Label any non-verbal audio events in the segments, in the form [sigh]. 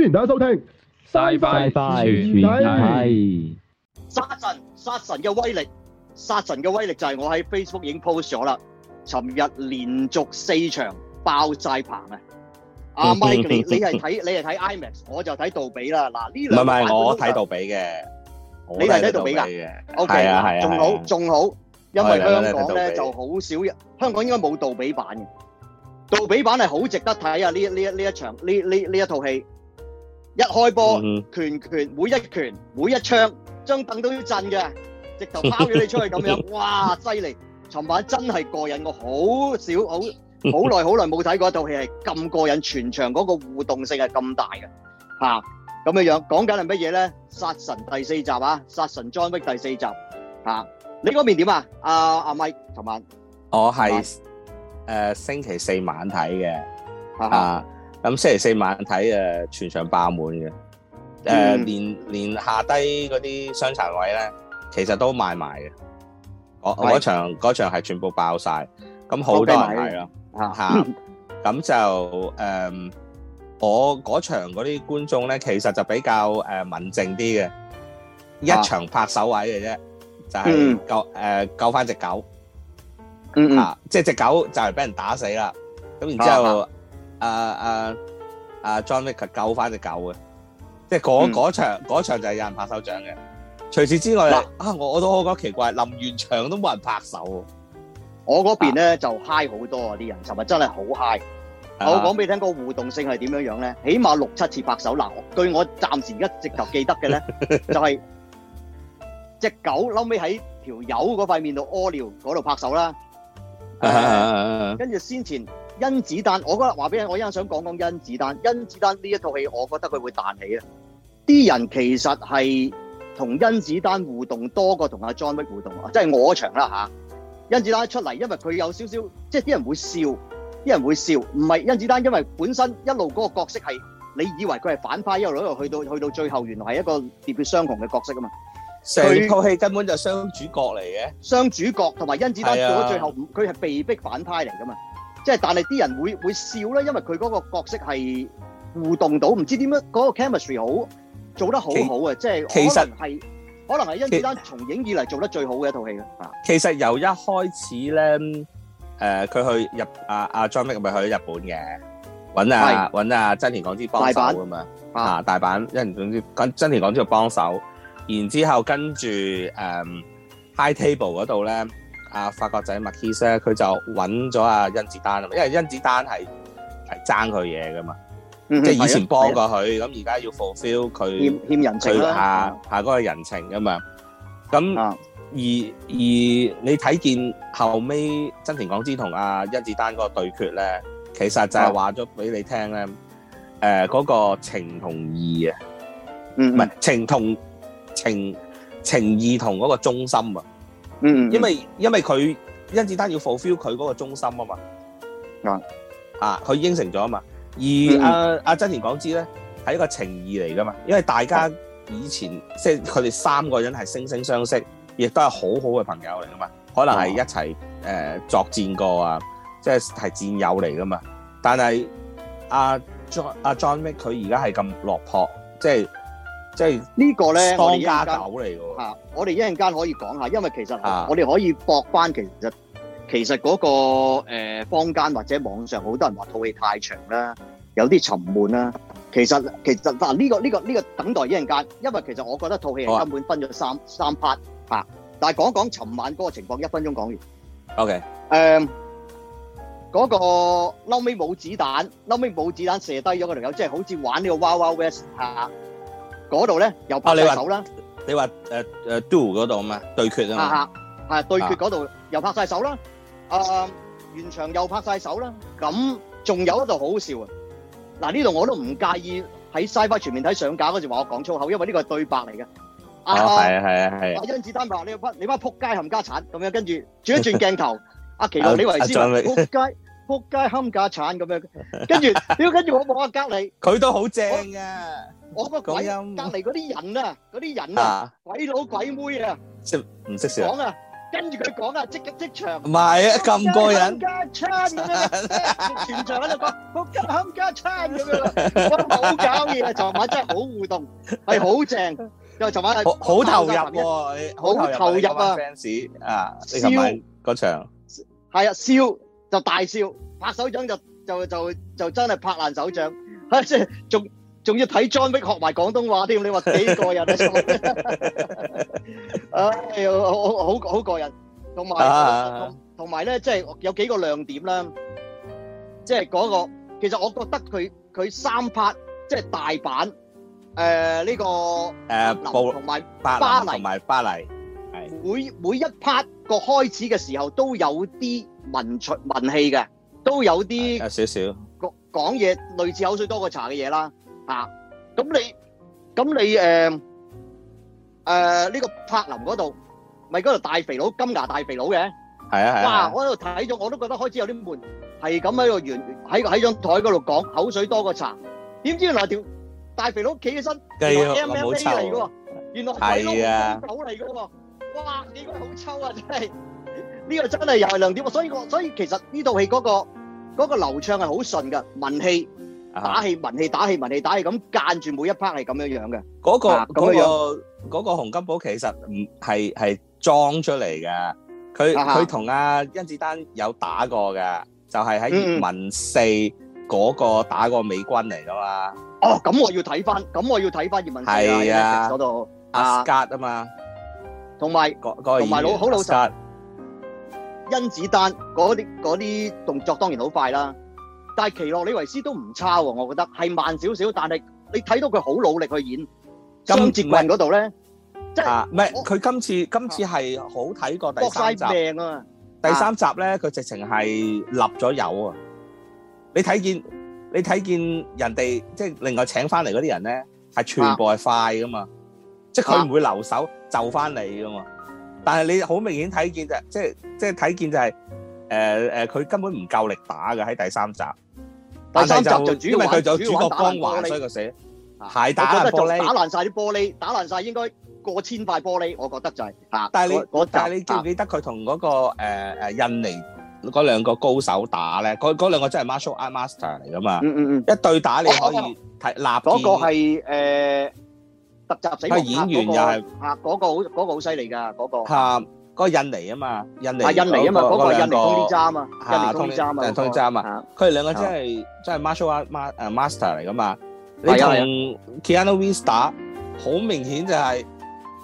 歡迎大家收聽，拜拜拜拜，殺神殺神嘅威力，殺神嘅威力就係我喺 Facebook 已經 post 咗啦。尋日連續四場爆晒棚啊！阿 Mike，你你係睇你係睇 IMAX，我就睇杜比啦。嗱呢兩唔係唔係，我睇杜比嘅，你係睇杜比噶。OK 啊，係啊，仲好仲好，因為香港咧就好少，香港應該冇杜比版嘅。杜比版係好值得睇啊！呢一呢一呢一場呢呢呢一套戲。一開波，拳拳每一拳每一槍，將凳都要震嘅，直頭拋咗你出去咁樣，哇，犀利！尋晚真係過癮，我好少好好耐好耐冇睇過一套戲係咁過癮，全場嗰個互動性係咁大嘅，吓咁嘅樣。講緊係乜嘢咧？殺神第四集啊，殺神 John Wick 第四集啊。你嗰邊點啊？阿阿 Mike 尋晚，我係誒星期四晚睇嘅，啊。咁星期四晚睇全場爆滿嘅。誒、呃嗯，連連下低嗰啲傷殘位咧，其實都賣埋嘅。我我嗰場嗰場係全部爆晒，咁好多係咯嚇。咁、啊啊、就誒、嗯，我嗰場嗰啲觀眾咧，其實就比較誒文、呃、靜啲嘅。一場拍手位嘅啫、啊，就係、是、救誒、嗯呃、救返隻狗。嗯、嗯、啊、即係隻狗就嚟俾人打死啦，咁、啊啊、然之後。誒誒誒，John Wick 救翻隻狗嘅，即係嗰嗰場嗰場就係有人拍手掌嘅。除此之外，啊，我我都覺得奇怪，臨完場都冇人拍手。我嗰邊咧就 high 好多啊啲人，尋日真係好 high。我講俾你聽個互動性係點樣樣咧，起碼六七次拍手。嗱，據我暫時而家直頭記得嘅咧，就係隻狗嬲尾喺條友嗰塊面度屙尿嗰度拍手啦。跟住先前。甄子丹，我覺得話俾你，我一陣想講講甄子丹。甄子丹呢一套戲，我覺得佢會彈起啊！啲人其實係同甄子丹互動多過同阿 John Wick 互動是啊，即係我場啦吓，甄子丹一出嚟，因為佢有少少，即係啲人會笑，啲人會笑。唔係甄子丹，因為本身一路嗰個角色係你以為佢係反派，一路一路去到去到最後，原來係一個惺惺相惜嘅角色啊嘛。成套戲根本就係雙主角嚟嘅，雙主角同埋甄子丹到咗最後佢係、啊、被逼反派嚟噶嘛。即係，但係啲人會會笑咧，因為佢嗰個角色係互動到，唔知點樣嗰、那個 chemistry 好做得很好好啊！即係其實係、就是、可能係甄子丹從影以嚟做得最好嘅一套戲啦。其實由一開始咧，誒、呃、佢去日阿、啊啊、John 阿張敏咪去咗日本嘅，揾阿揾阿真田廣之幫手啊嘛，啊，啊大阪一言總之，真田廣之度幫手，然之後跟住誒、嗯、High Table 嗰度咧。阿、啊、法國仔麥騎西佢就揾咗阿甄子丹，因為甄子丹係係爭佢嘢噶嘛，mm-hmm. 即係以前幫過佢，咁而家要 fulfill 佢欠，欠人情下、mm-hmm. 下個人情噶嘛，咁而、mm-hmm. 而，而你睇見後尾真田廣之同阿、啊、甄子丹嗰個對決咧，其實就係話咗俾你聽咧，誒、mm-hmm. 嗰、呃那個情同義啊，唔、mm-hmm. 係情同情情義同嗰個忠心啊。嗯，因為因為佢甄子丹要 fulfill 佢嗰個忠心啊嘛，啊啊，佢應承咗啊嘛，而阿阿真田廣之咧係一個情義嚟噶嘛，因為大家以前、哦、即係佢哋三個人係惺惺相惜，亦都係好好嘅朋友嚟噶嘛，可能係一齊誒、呃、作戰過啊，即係係戰友嚟噶嘛，但係阿阿 John Wick 佢而家係咁落魄，即係。即係、這個、呢個咧，當家狗嚟喎。我哋一陣間可以講下，因為其實我哋可以搏翻、啊。其實其實嗰個坊間或者網上好多人話套戲太長啦，有啲沉悶啦。其實其實嗱，呢、啊這個呢、這個呢、這個等待一陣間，因為其實我覺得套戲係根本分咗三、啊、三 part 嚇、啊。但係講講尋晚嗰個情況，一分鐘講完。OK、嗯。誒，嗰個後尾冇子彈，後尾冇子彈射低咗個條友，即、就、係、是、好似玩呢個 Wild Wild West，啊《Wild Wild West》嗰度咧又拍曬手啦，你話誒誒 do 嗰度啊嘛，對決啊嘛，係對決嗰度又拍曬手啦，誒現場又拍曬手啦，咁仲有一度好好笑啊！嗱呢度我都唔介意喺《SciFi 全面睇上架》嗰時話我講粗口，因為呢個係對白嚟嘅。啊係啊係啊係啊！甄子丹話：你班你班撲街冚家鏟咁樣，跟住轉一轉鏡頭，阿奇洛李維斯撲街撲街冚家鏟咁樣，跟住屌跟住我我隔離，佢都好正啊！我個鬼隔離嗰啲人啊，嗰啲人啊，鬼佬鬼妹啊，識唔識講啊，跟住佢講啊，即刻即場，唔係啊咁過癮，加餐啊，全場喺度講，冇加餐咁樣咯，我好搞嘢啊！昨晚真係好互動，係好正，又昨晚好投入喎，好投入啊 fans 啊，你琴日嗰場係啊笑就大笑，拍手掌就就就就真係拍爛手掌，即係仲。仲要睇 John Wick 學埋廣東話添，你話幾過癮啊！哎呀，好好好過癮，同埋同埋咧，即係有幾個亮點啦。即係嗰個，其實我覺得佢佢三 part 即係大阪誒呢個誒同埋巴黎同埋巴黎，係每每一 part 個開始嘅時候都有啲文趣文氣嘅，都有啲少少講講嘢類似口水多過茶嘅嘢啦。嗱，咁你咁你誒誒呢個柏林嗰度咪嗰度大肥佬金牙大肥佬嘅？係啊係啊！哇，我喺度睇咗，我都覺得開始有啲悶，係咁喺度完喺喺張台嗰度講口水多過茶，點知原來條大肥佬企起身，原來 MMA 嚟嘅喎，原來係龍虎鬥嚟嘅喎，哇！呢個好抽啊，真係呢個真係又係亮點喎，所以所以其實呢套戲嗰個嗰個流暢係好順嘅文戲。打氣文氣打氣文氣打氣咁間住每一 part 係咁樣樣嘅，嗰個嗰個嗰個洪金寶其實唔係係裝出嚟嘅，佢佢同阿甄子丹有打過嘅，就係喺葉問四嗰個打個美軍嚟噶嘛。哦，咁我要睇翻，咁我要睇翻葉問四，係啊，嗰度阿格啊嘛，同埋同埋老好老實，甄子丹嗰啲嗰啲動作當然好快啦。但係奇洛李維斯都唔差喎，我覺得係慢少少，但係你睇到佢好努力去演。張哲文嗰度咧，即係唔係佢今次今次係好睇過第三集。第三集咧，佢直情係立咗有啊！你睇見你睇見人哋即係另外請翻嚟嗰啲人咧，係全部係快噶嘛，即係佢唔會留守就翻嚟噶嘛。但係你好明顯睇見就即係即係睇見就係。誒誒，佢根本唔夠力打嘅喺第三集，第三集就因為佢就主角光環，所以個死鞋打玻璃打爛晒啲玻璃，打爛晒應該過千塊玻璃，我覺得就係。但係你但係你記唔記得佢同嗰個誒誒印尼嗰兩個高手打咧？嗰嗰兩個真係 Martial Art Master 嚟噶嘛？嗯嗯嗯，一對打你可以睇嗱。嗰個係誒特集死亡。係演員又係吓，嗰個好嗰個好犀利噶嗰個。嗰、那個印尼啊嘛，印尼嗰、那個兩個啊，通針、那個那個、啊，佢哋、啊、兩個真係、啊、真係 master 啊 master 嚟噶嘛，你用 Kiano Vista 好明顯就係、是啊啊就是啊、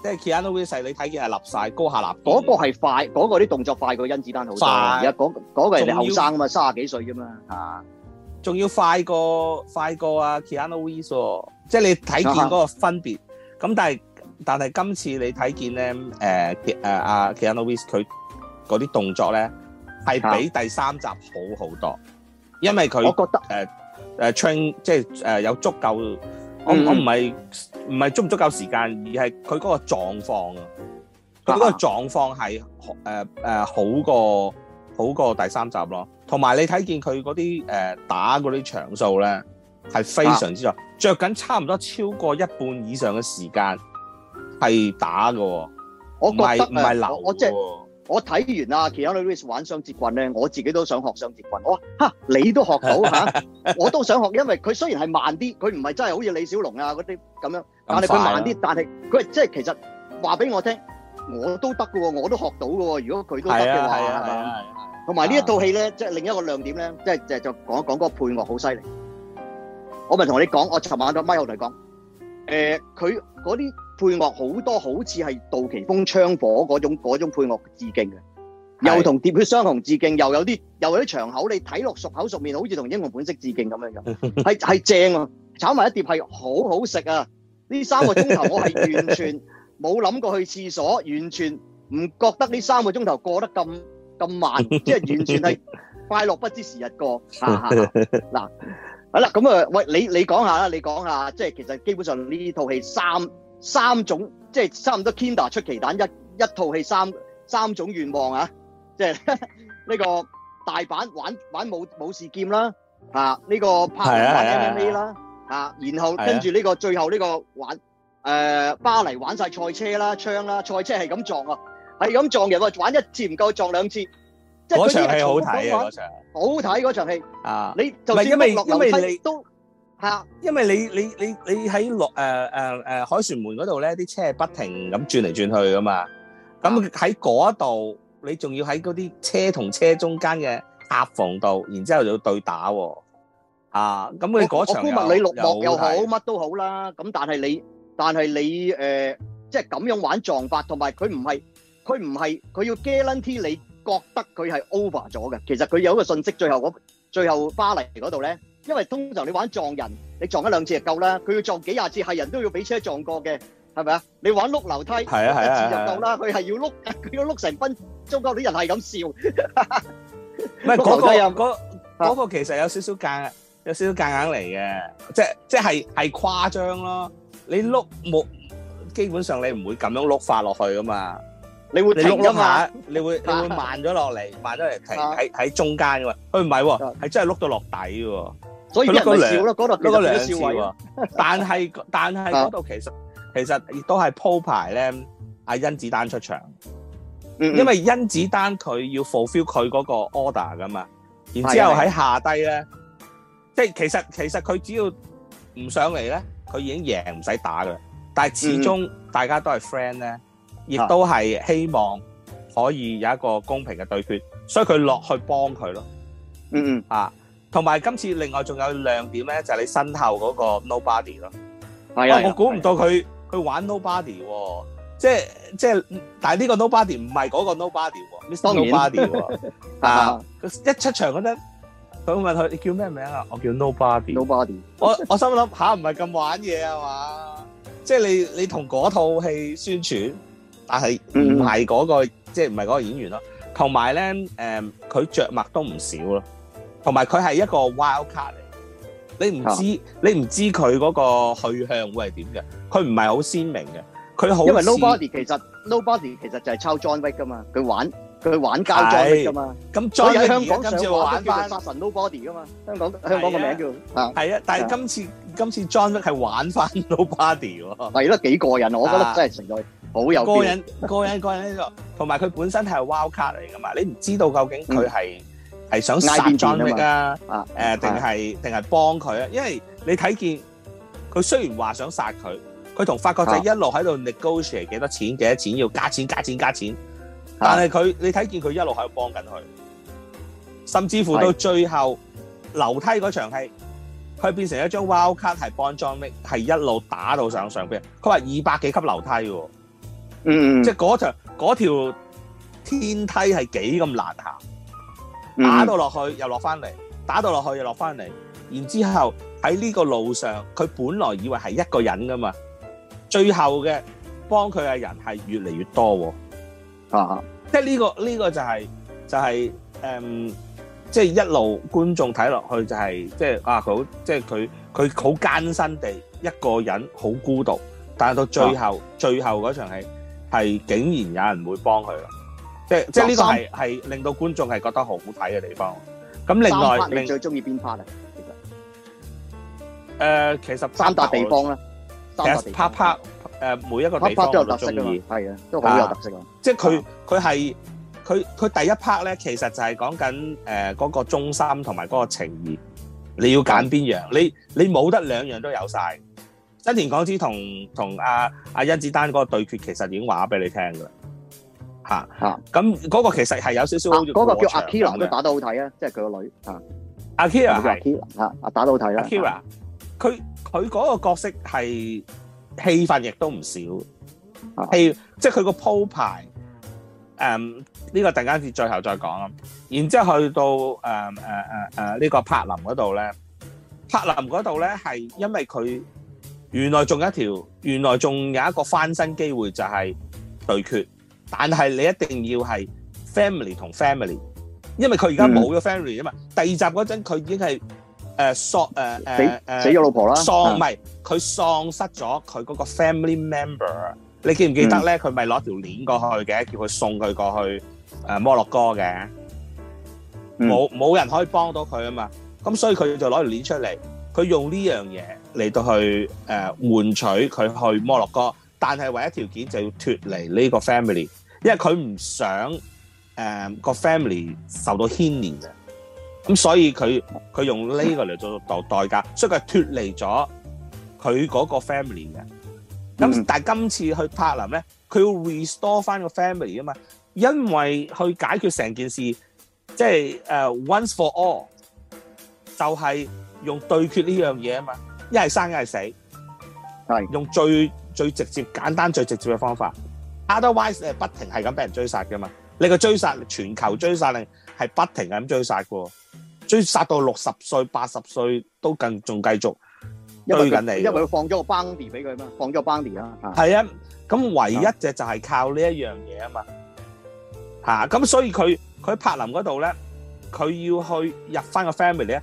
即係 Kiano Vista 你睇見係立曬高下立，嗰、那個快，嗰、那、啲、個、動作快過甄子丹好多，而家嗰後生啊嘛，卅幾歲噶嘛嚇，仲要快過快過啊 Kiano Vista 即係你睇見嗰分別，咁但係。但係今次你睇見咧，誒嘅阿 Keanu Reeves 佢嗰啲動作咧，係比第三集好好多，因為佢我覺得誒誒 train 即係誒有足夠。我、嗯、我唔係唔係足唔足夠時間，而係佢嗰個狀況啊。佢嗰個狀況係誒、啊呃、好過好過第三集咯。同埋你睇見佢嗰啲誒打嗰啲場數咧，係非常之多，着、啊、緊差唔多超過一半以上嘅時間。係打嘅，我覺得唔係流。我即係我睇完啊，Keanu Reeves 玩雙截棍咧，我自己都想學雙截棍。我話吓，你都學到吓，我都想學，因為佢雖然係慢啲，佢唔係真係好似李小龍啊嗰啲咁樣，但係佢慢啲，但係佢即係其實話俾我聽，我都得嘅，我都學到嘅。如果佢都得嘅話，同埋呢一套戲咧，即係另一個亮點咧，即係就講一講個配樂好犀利。我咪同你講，我尋晚都咪我同你講，誒，佢嗰啲。配樂好多好似係杜琪峯槍火嗰種嗰種配樂致敬嘅，又同《喋血雙雄》致敬，又有啲又有啲場口你睇落熟口熟面，好似同《英雄本色》致敬咁樣嘅，係係正喎，炒埋一碟係好好食啊！呢三個鐘頭我係完全冇諗過去廁所，完全唔覺得呢三個鐘頭過得咁咁慢，即係完全係快樂不知時日過。嗱，好啦，咁啊，喂，你你講下啦，你講下，即係其實基本上呢套戲三。三種，即係差唔多 Kinder 出奇蛋一一套戲三三種願望啊！即係呢個大阪玩玩武武士劍啦吓，呢個柏林玩 MMA 啦吓，然後跟住呢個最後呢個玩誒巴黎玩曬賽車啦槍啦，賽車係咁撞啊，係咁撞人喎，玩一次唔夠撞兩次，即係嗰場戲好睇啊！嗰場好睇嗰場戲啊！你就算落樓梯都～係，因為你你你你喺落誒誒誒凱旋門嗰度咧，啲車係不停咁轉嚟轉去噶嘛。咁喺嗰度，你仲要喺嗰啲車同車中間嘅客房度，然之後就要對打喎。啊，咁你嗰場又又好乜都好啦。咁但係你但係你誒，即係咁樣玩撞法，同埋佢唔係佢唔係佢要 guarantee 你覺得佢係 over 咗嘅。其實佢有個信息，最後嗰最後巴黎嗰度咧。因為通常你玩撞人，你撞一兩次就夠啦。佢要撞幾廿次，係人都要俾車撞過嘅，係咪啊？你玩碌樓梯，一次就夠啦。佢係要碌，佢要碌成分。中國啲人係咁笑，唔係嗰個又嗰嗰個其實有少少夾有少少夾硬嚟嘅，即即係係誇張咯。你碌木基本上你唔會咁樣碌翻落去噶嘛，你會停一下，你會你會慢咗落嚟，慢咗嚟停喺喺中間噶嘛。佢唔係喎，係真係碌到落底喎。所以一個兩次嗰度入過兩少喎。但係但係嗰度其實其實亦都係鋪排咧，阿甄子丹出場，嗯嗯，因為甄子丹佢要 fulfill 佢嗰個 order 噶嘛。然之後喺下低咧，即、嗯、係、嗯、其實其實佢只要唔上嚟咧，佢已經贏唔使打噶啦。但係始終大家都係 friend 咧，亦都係希望可以有一個公平嘅對決，所以佢落去幫佢咯。嗯嗯啊、嗯。同埋今次另外仲有亮點咧，就係，是，你身後嗰個 Nobody 咯。係 [laughs] 啊，我估唔到佢佢玩 Nobody 喎，即係即係，但係呢個 Nobody 唔係嗰個 Nobody 你 Mr Nobody 喎。啊，一出場嗰陣，佢會問佢：你叫咩名啊？我叫 Nobody。Nobody。我我心諗下唔係咁玩嘢啊嘛？即係你你同嗰套戲宣傳，但係唔係嗰個，嗯、即係唔係嗰個演員咯？同埋咧，誒、嗯，佢着墨都唔少咯。同埋佢係一個 wild card 嚟，你唔知你唔知佢嗰個去向會係點嘅，佢唔係好鮮明嘅，佢好因為 Nobody 其實 Nobody 其實就係抄 John Wick 噶嘛，佢玩佢玩交、John、Wick 噶嘛，咁所以喺香港想玩翻 Nobody 噶嘛，香港香港個名叫係啊，但係今次今次 John Wick 係玩翻 Nobody 喎，係都幾過癮，我覺得真係存在好有過、啊、人過癮過癮呢個，同埋佢本身係 wild card 嚟噶嘛，你唔知道究竟佢係。係想殺 John Wick 定係定係幫佢啊？因為你睇見佢雖然話想殺佢，佢同法國仔一路喺度 negotiate 幾多錢、幾、啊、多錢要加錢、加錢、加錢，但係佢你睇見佢一路喺度幫緊佢，甚至乎到最後、啊、樓梯嗰場係佢變成一張 wild card，係幫 John Wick 係一路打到上上邊。佢話二百幾級樓梯喎、啊，嗯，即係嗰場嗰條天梯係幾咁難行。打到落去又落翻嚟，打到落去又落翻嚟，然之後喺呢個路上，佢本來以為係一個人㗎嘛，最後嘅幫佢嘅人係越嚟越多喎。啊，即係呢個呢個就係就係誒，即係一路觀眾睇落去就係即係啊，佢即係佢佢好艱辛地一個人好孤獨，但係到最後、啊、最後嗰場戲係竟然有人會幫佢。即係即係呢個係係令到觀眾係覺得好好睇嘅地方。咁另外，你最中意邊 part 啊？其實誒，其實三笪地方啦，三笪 part。誒，每一個 part 都有特色噶嘛，係啊，都好有特色。即係佢佢係佢佢第一 part 咧，其實就係講緊誒嗰個忠心同埋嗰個情義。你要揀邊樣？你你冇得兩樣都有晒。真田廣之同同阿阿甄子丹嗰個對決，其實已經話俾你聽噶啦。吓吓，咁、那、嗰個其實係有少少，嗰、啊，那個叫阿 Kira 都打得好睇啊，即係佢個女吓，阿 Kira 吓，打得好睇啊，Kira，佢佢嗰個角色係戲份亦都唔少，啊、即係佢個鋪排，誒、嗯、呢、這個突然間至最後再講，然之後去到誒誒誒誒呢個柏林嗰度咧，柏林嗰度咧係因為佢原來仲有一條，原來仲有一個翻身機會就係對決。但係你一定要係 family 同 family，因為佢而家冇咗 family 啊嘛。第二集嗰陣佢已經係誒喪誒誒誒死咗老婆啦，喪唔係佢喪失咗佢嗰個 family member。你記唔記得咧？佢咪攞條鏈過去嘅，叫佢送佢過去誒摩洛哥嘅。冇冇人可以幫到佢啊嘛。咁所以佢就攞條鏈出嚟，佢用呢樣嘢嚟到去誒換取佢去摩洛哥。，但係唯一條件就要脫離呢個 family，因為佢唔想誒、呃個 family 受到牽連嘅。咁所以佢佢用呢個嚟做代代價，所以佢脫離咗佢嗰個 family 嘅。咁但係今次去柏林咧，佢要 restore 翻個 family 啊嘛，因為去解決成件事，即係誒 once for all，就係用對決呢樣嘢啊嘛，一係生一係死，用最最直接、簡單、最直接嘅方法。Otherwise，你係不停係咁俾人追殺嘅嘛？你個追殺，全球追殺，令係不停係咁追殺嘅喎。追殺到六十歲、八十歲都更仲繼續追緊你。因為佢放咗個 bounty 俾佢嘛，放咗個 bounty 啦。係啊，咁唯一隻就係靠呢一樣嘢啊嘛。吓，咁所以佢喺柏林嗰度咧，佢要去入翻個 family 咧，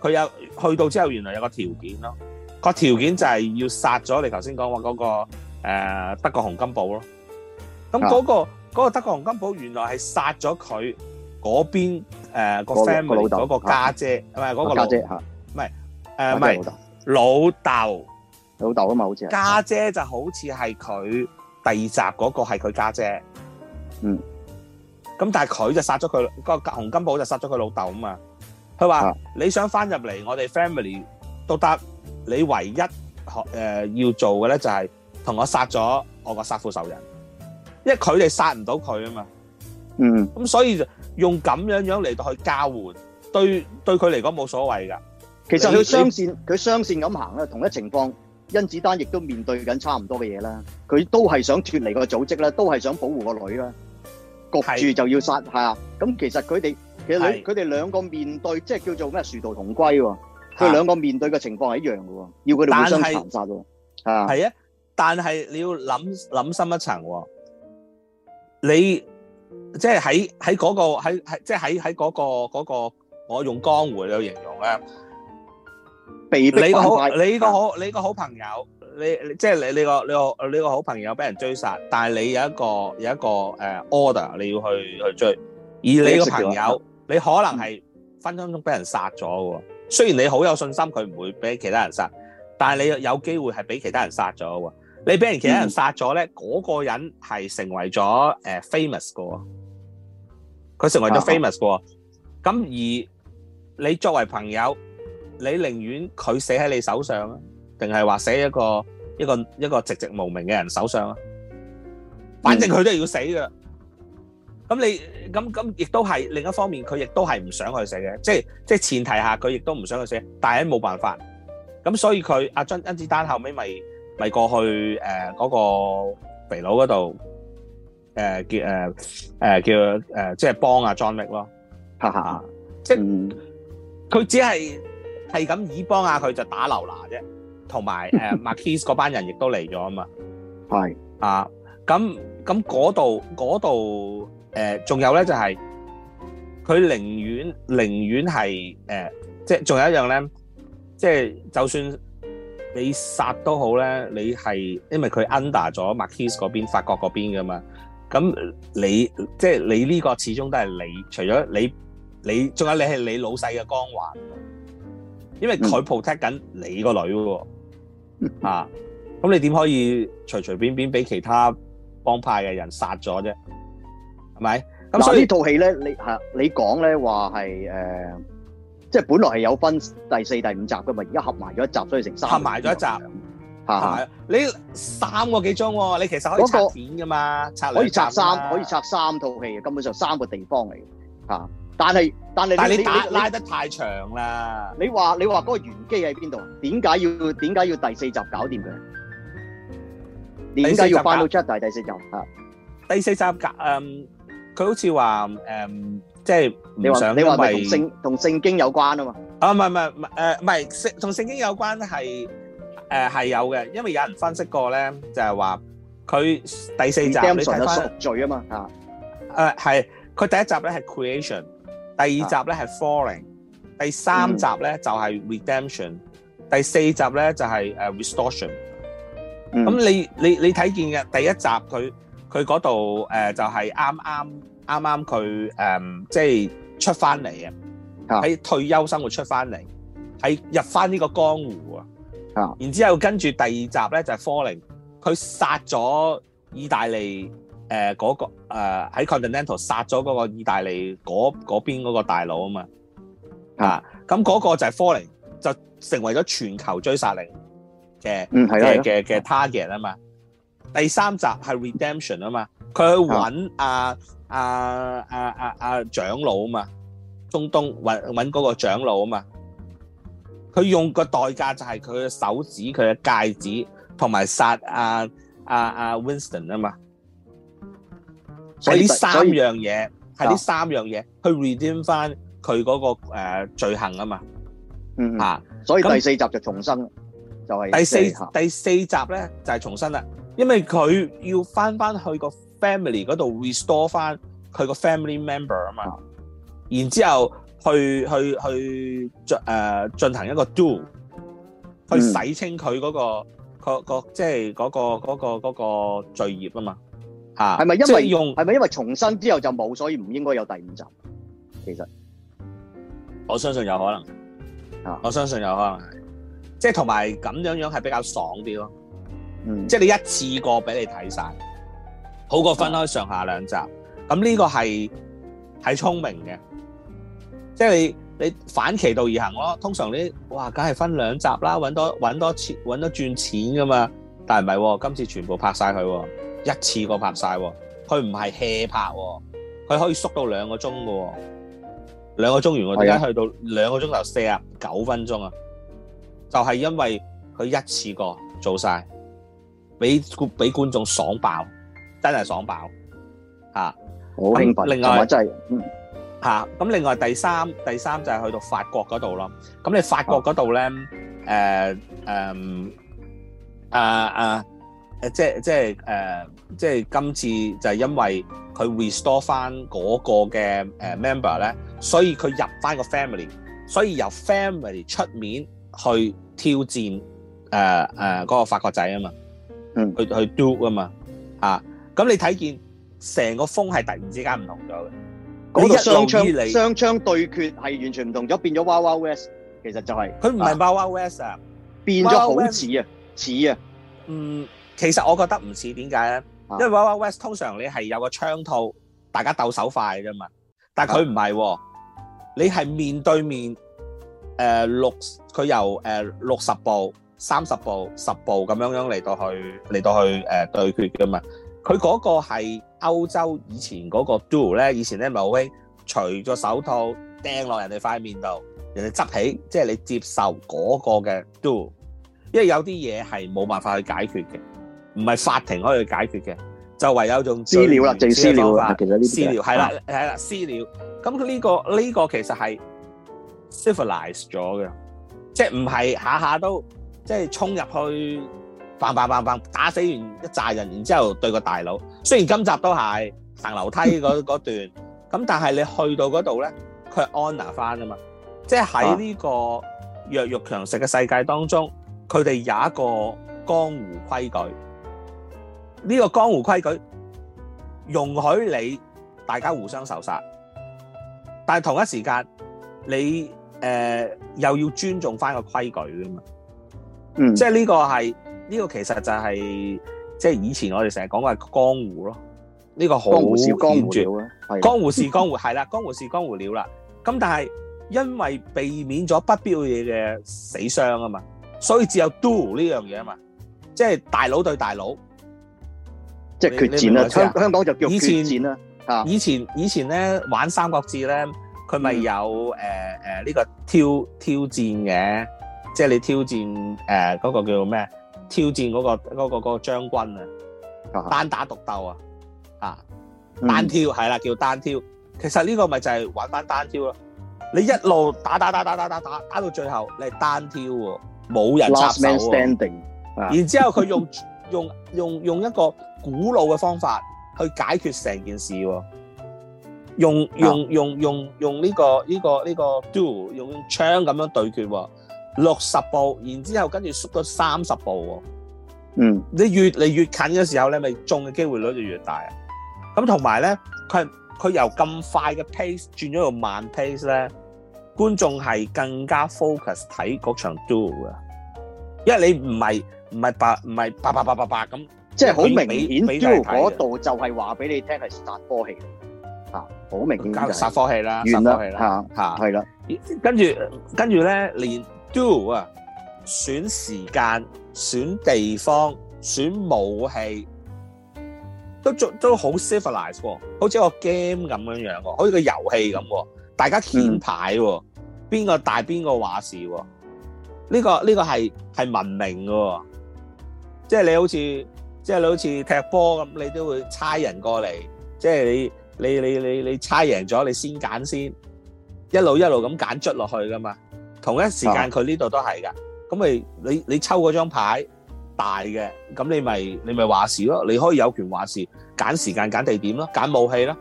佢有去到之後，原來有個條件咯。個條件就係要殺咗你頭先講話嗰個誒德國洪金寶咯。咁嗰個嗰個德國洪金寶原來係殺咗佢嗰邊誒個 family 嗰個家姐，唔係嗰個家姐嚇，唔係誒唔係老豆，老豆啊嘛，好似家姐就好似係佢第二集嗰個係佢家姐。嗯，咁但係佢就殺咗佢個洪金寶就殺咗佢老豆啊嘛。佢話你想翻入嚟我哋 family 都得。你唯一學誒、呃、要做嘅咧，就係同我殺咗我個殺父仇人，因為佢哋殺唔到佢啊嘛。嗯，咁所以就用咁樣樣嚟去交換，對對佢嚟講冇所謂噶。其實佢雙線，佢雙線咁行咧，同一情況，甄子丹亦都面對緊差唔多嘅嘢啦。佢都係想脱離個組織啦，都係想保護個女啦。焗住就要殺，係啊。咁其實佢哋，其實佢哋兩個面對，即係叫做咩殊途同歸喎。佢兩個面對嘅情況係一樣嘅，要佢哋互相殘殺啊，係啊，但係你要諗諗深一層，你即係喺喺嗰個喺喺即係喺喺嗰個嗰、嗰個，我用江湖嚟,形容咧，你你好，你個好，你個好朋友，嗯、你即係、就是、你你個你個你個好朋友俾人追殺，但係你有一個有一個誒 order 你要去去追，而你個朋友你、的你可能係分分鐘俾人殺咗雖然你好有信心佢唔會俾其他人殺，但係你有機會係俾其他人殺咗喎。你俾人其他人殺咗咧，嗰、嗯嗰個人係成為咗、uh, famous 嘅，佢成為咗 famous 嘅。咁、啊、而你作為朋友，你寧願佢死喺你手上啊，定係話死喺一個一個一個籍籍無名嘅人手上啊？反正佢都係要死嘅。咁你咁咁，亦都係另一方面，佢亦都係唔想去死嘅，即係即係前提下，佢亦都唔想去死，但係冇辦法。咁所以佢阿甄甄子丹後尾咪咪過去誒嗰、呃那個肥佬嗰度誒叫誒、呃、叫、呃、即係幫阿莊力囉。咯，哈哈！即係佢、嗯、只係係咁以幫下佢就打流拿啫，同埋誒 Marquis 嗰班人亦都嚟咗啊嘛， [laughs] 啊，咁咁嗰度嗰度。誒、呃，仲有咧，就係、是、佢寧願寧願係誒，即係仲有一樣咧，即、就、係、是、就算你殺都好咧，你係因為佢 under 咗 Marquis 嗰邊法國嗰邊噶嘛，咁你即係、就是、你呢個始終都係你，除咗你，你仲有你係你老細嘅光環，因為佢 protect 緊你個女喎，嚇、啊，咁你點可以隨隨便便俾其他幫派嘅人殺咗啫？係咪？咁所以，呢套戲咧，你吓你講咧話係誒，即係本來係有分第四、第五集噶嘛，而家合埋咗一集，所以成三合埋咗一集吓。你三個幾鐘？你其實可以拆片噶嘛，拆可以拆三，可以拆三套戲，根本上三個地方嚟吓。但係但係，但係你拉得太長啦。你話你話嗰個玄機喺邊度？點解要點解要第四集搞掂佢？點解要翻到出？但係第四集吓，第四集嗯。佢好似話誒，即、嗯、係、就是、你話你話咪同聖同聖，聖經有關啊嘛？啊，唔係唔係唔誒，唔係同聖經有關係誒係有嘅，因為有人分析過咧，就係話佢第四集、redemption、你睇翻罪嘛啊嘛嚇誒係佢第一集咧係 creation，第二集咧係 falling，第三集咧就係、是、redemption，、嗯、第四集咧就係、是、誒 restoration。咁、嗯、你你你睇見嘅第一集佢佢嗰度誒就係啱啱。啱啱佢即係出翻嚟啊！喺退休生活出翻嚟，喺入翻呢個江湖啊！然之後跟住第二集咧就係、是、Falling，佢殺咗意大利誒嗰、呃嗰個喺、呃、Continental 殺咗嗰個意大利嗰嗰邊嗰個大佬啊嘛嚇！咁、啊、嗰個就係 Falling，就成為咗全球追殺令嘅嘅嘅 target 啊嘛！第三集係 Redemption 啊嘛，佢去揾啊啊啊啊，長老啊嘛，中東揾揾嗰個長老啊嘛，佢用個代價就係佢嘅手指、佢嘅戒指，同埋殺阿阿阿 Winston 啊嘛，所以呢三樣嘢係呢三樣嘢、啊、去 redeem 翻佢嗰、嗰個、呃、罪行啊嘛，嗯，嗯啊，所以第四集就重生，就係第四第四集咧就係、係、重生啦，因為佢要翻翻去、嗰個。family 嗰度 restore 翻佢個 family member 啊嘛，啊，然之後去去去進誒進行一個 do、嗯、去洗清佢嗰、那個、嗯那個即係嗰個嗰、那個那個那個、罪業啊嘛，嚇係咪因為、就是、用係咪因為重生之後就冇，所以唔應該有第五集？其實我相信有可能啊，我相信有可能係啊，即係同埋咁樣樣係比較爽啲咯，嗯，即係你一次過俾你睇晒。好過分開上下兩集，咁呢個係係聰明嘅，即係你你反其道而行咯。通常你，哇，梗係分兩集啦，搵多搵多次，搵多賺錢噶嘛。但係唔係，今次全部拍晒佢，一次過拍晒喎。佢唔係 hea 拍喎，拍，佢可以縮到兩個鐘噶，兩個鐘完我而家去到兩個鐘頭四十九分鐘啊，就係、是、因為佢一次過做晒，俾俾觀眾爽爆。真係爽爆明白、啊、另外真係嚇咁，另外第三第三就係去到法國嗰度咯。咁你法國嗰度咧誒誒啊啊誒、啊啊啊！即、啊、即誒、啊、即、啊即啊、今次就係因為佢 restore 翻嗰個嘅誒 member 咧，所以佢入翻個 family，所以由 family 出面去挑戰誒誒嗰個法國仔啊嘛，嗯，去去 do 啊嘛，啊！咁你睇見成個風係突然之間唔同咗嘅，嗰度雙槍嚟雙槍對決，係完全唔同咗，變咗。Wild Wild West 其實就係佢唔係 Wild Wild West 啊，變咗好似啊，似啊。嗯，其實我覺得唔似點解咧？因為 Wild Wild West 通常你係有個槍套，大家鬥手快啫嘛。但係佢唔係，你係面對面誒六佢由誒六十步、三十步、十步咁樣樣嚟到去嚟到去誒對決㗎嘛。佢嗰個係歐洲以前嗰個 do 咧，以前咧唔係好興，除咗手套掟落人哋塊面度，人哋執起，即係你接受嗰個嘅 do，因為有啲嘢係冇辦法去解決嘅，唔係法庭可以去解決嘅，就唯有用私了啦，淨私了啊，其實呢啲嘢，私了係啦，係啦，私了。咁、啊、呢、呢個呢、呢個其實係 civilize 咗嘅，即係唔係下下都即係衝入去。砰砰砰砰！打死完一紮人，然之後對個大佬。雖然今集都係行樓梯嗰段，咁但係你去到嗰度咧，佢係安娜翻啊嘛。即係喺呢個弱肉強食嘅世界當中，佢、啊、哋有一個江湖規矩。呢、呢個江湖規矩容許你大家互相仇殺，但同一時間你誒、呃、又要尊重翻個規矩噶嘛。嗯，即係呢個係。呢、這個其實就係、是、即係以前我哋成日講嘅係江湖咯，呢個江湖江湖了，係江湖是江湖係啦、這個，江湖是江湖了啦。咁 [laughs] 但係因為避免咗不必要嘢嘅死傷啊嘛，所以只有 do 呢樣嘢啊嘛，即係大佬對大佬，即係決戰啦、啊。香港就叫決戰啦。啊，以前以前咧玩三國呢《三國志》咧、嗯呃，佢咪有呢個挑挑戰嘅，即係你挑戰嗰、呃那個叫咩？挑戰嗰個嗰個嗰個將軍啊，單打獨鬥啊，啊、uh-huh. 單挑係啦，叫單挑。其實呢個咪就係玩返單挑咯。你一路打打打打打打打，打到最後你係單挑喎，冇人插手。Man Standing 然。然之後佢用用用用一個古老嘅方法去解決成件事，用用、uh-huh. 用用用呢個呢個呢個 duel 用槍咁樣對決。六十步，然之後跟住縮咗三十步喎。嗯，你越嚟越近嘅時候咧，咪中嘅機會率就越大啊。咁同埋咧，佢佢由咁快嘅 pace 轉咗個慢 pace 咧，觀眾係更加 focus 睇嗰場 do 嘅，因為你唔係唔係白唔係八八八八八咁，即係好明顯 do 嗰度就係話俾你聽係殺科戲。啊，好明顯嘅殺科戲啦，完啦，係啊，係啦，跟住跟住咧連。do 啊，選時間、選地方、選武器，都都好 civilized 喎，好似個 game 咁樣樣，好似個遊戲咁，大家掀牌，邊個大邊個話事，呢個呢個係係文明喎，即係你好似即係你好似踢波咁，你都會差人過嚟，即係你你你你你差贏咗，你先揀先，一路一路咁揀卒落去噶嘛。同一時間佢呢度都係㗎。咁、啊、咪你你，你抽嗰張牌大嘅，咁你咪你咪話事咯，你可以有權話事，揀時間、揀地點咯，揀武器咯，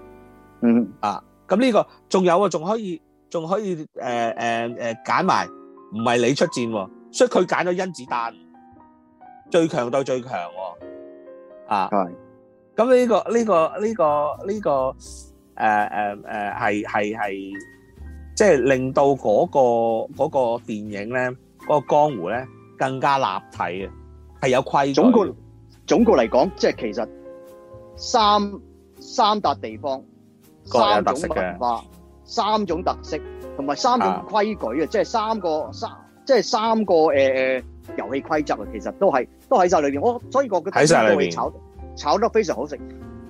嗯啊，咁呢、呢個仲有啊，仲可以仲可以誒誒誒揀埋唔係你出戰喎、啊，所以佢揀咗甄子丹最強對最強喎、啊，啊，咁呢、呢個呢、呢個呢、呢個呢、呢個誒誒誒係係係。呃呃是是是即係令到嗰個、那個電影咧，嗰、那個江湖咧更加立體嘅，係有規矩。總括總括嚟講，即係其實三三笪地方，三種文化，三種特色，同埋三種規矩啊。即係三個三，即係三個誒誒、呃、遊戲規則啊！其實都係都喺晒裏邊。我所以我覺得都係炒炒得非常好食。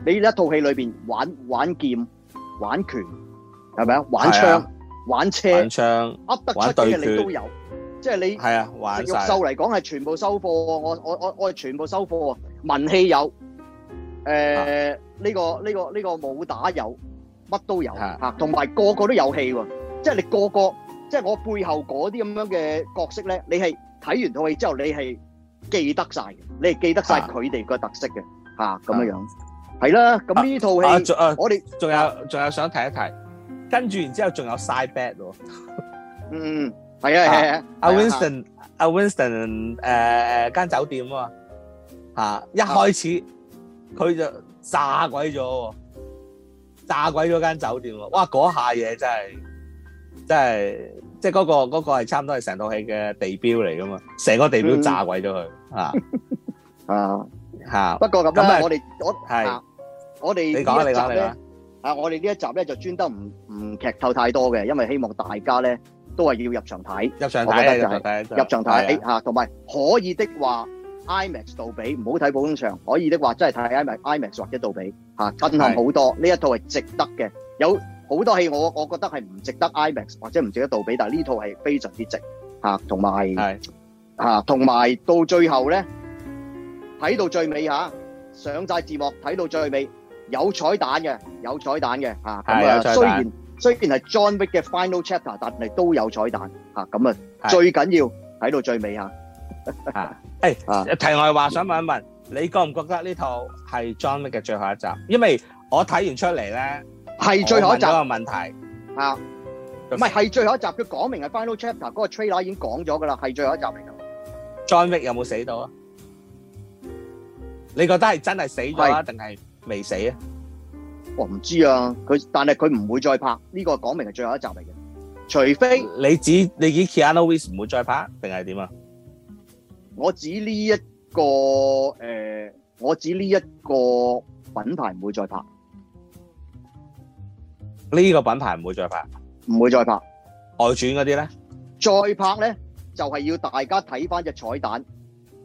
你一套戲裏邊玩玩劍、玩拳，係咪啊？玩槍。玩車，玩槍，噏得出嘅你都有，即係你。係啊，玩曬。收嚟講係全部收貨，我我我我哋全部收貨啊！文戲有，誒呢個呢個呢個武打有，乜都有嚇，同埋個個都有戲喎。即係你個個，即係我背後嗰啲咁樣嘅角色咧，你係睇完套戲之後，你係記得曬，你係記得曬佢哋個特色嘅嚇咁樣。係啦，咁呢套戲，我哋仲有仲有想提一提。跟住然之後，仲有 side bet 喎、啊。嗯，係啊，係啊。阿 Winston，阿 Winston，誒誒間酒店啊，吓，一開始佢、啊、就炸鬼咗，炸鬼咗間酒店喎、啊。哇！嗰下嘢真係，真係，即係嗰、嗰個嗰、嗰個係、嗰個、差唔多係成套戲嘅地標嚟噶嘛。成個地標炸鬼咗佢啊，不過咁、啊嗯，我哋我係、啊、我哋你你講，你講。你嗱，我哋呢一集咧就專登唔唔劇透太多嘅，因為希望大家咧都係要入場睇，入場睇，入場睇，入場睇吓，同埋可以的話 IMAX 杜比唔好睇普通場，可以的話真係睇 IMAX IMAX 或者杜比吓，震撼好多。呢一套係值得嘅，有好多戲我我覺得係唔值得 IMAX 或者唔值得杜比，但係呢套係非常之值吓，同埋吓，同埋、啊、到最後咧睇到最尾吓、啊，上晒字幕睇到最尾。有彩蛋嘅，有彩蛋嘅，吓咁啊！雖然雖然係 John Wick 嘅 Final Chapter，但係都有彩蛋，吓咁啊！最緊要睇到最尾吓，吓誒！題外話，想問一問，你覺唔覺得呢套係 John Wick 嘅最後一集？因為我睇完出嚟咧，係最後一集。問咗個問題，係啊，唔係係最後一集，佢講明係 Final Chapter，嗰個 Trailer 已經講咗噶啦，係最後一集嚟噶。John Wick 有冇死到啊？你覺得係真係死咗啊，定係？未死啊！我、哦、唔知啊，佢但係佢唔會再拍呢、這個，講明係最後一集嚟嘅。除非你指你指 Keanu Reeves 唔會再拍，定係點啊？我指呢、這、一個誒、呃，我指呢一個品牌唔會再拍。呢、這個品牌唔會再拍，唔會再拍。外傳嗰啲咧，再拍咧就係、是、要大家睇翻隻彩蛋。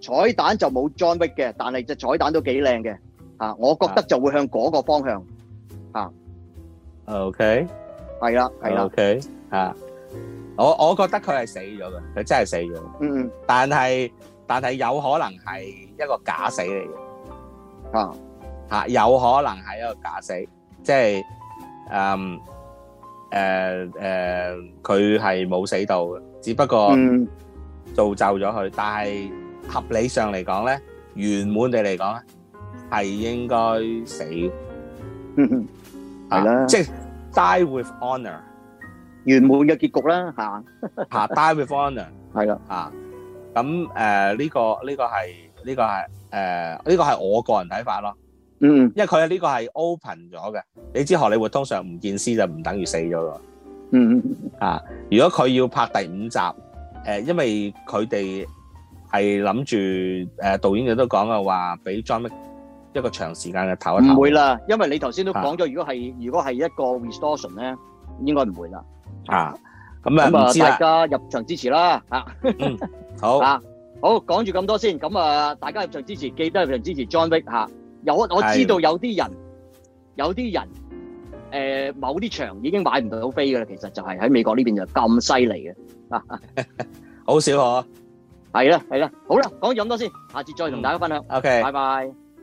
彩蛋就冇 John Wick 嘅，但係隻彩蛋都幾靚嘅。啊，我覺得就會向嗰個方向，啊，OK，係啦，係啦，OK，吓，我我覺得佢係死咗嘅，佢真係死咗，嗯，但係但係有可能係一個假死嚟嘅，啊，吓有可能係一個假死，即係，嗯，誒誒，佢係冇死到嘅，只不過造就咗佢，但係合理上嚟講咧，圓滿地嚟講咧。係應該死，係啦，即係 die with honor，圓滿嘅結局啦，吓吓 die with honor，係啦，啊，咁誒呢個呢、呢個係呢、呃呢個係誒呢個係我個人睇法咯，嗯， [laughs] 因為佢呢個係 open 咗嘅，你知荷里活通常唔見屍就唔等於死咗噶，嗯 [laughs] 啊，如果佢要拍第五集，誒、呃，因為佢哋係諗住，誒、呃，導演亦都講嘅話，俾 John 一個長時間嘅唞一唞，唔會啦，因為你頭先都講咗，如果係如果係一個 restoration 咧，應該唔會啦。吓、啊，咁啊唔知啦。大家入場支持啦，吓、 [laughs] 嗯，好，啊、好講住咁多先。咁啊，大家入場支持，記得入場支持 John Wick 吓、啊。有我知道有啲人，有啲人，誒、呃，某啲場已經買唔到飛噶啦。其實就係、是、喺美國呢邊就咁犀利嘅，好少嗬。係啦係啦，好啦，講住咁多先，下次再同大家分享。嗯、OK，拜拜。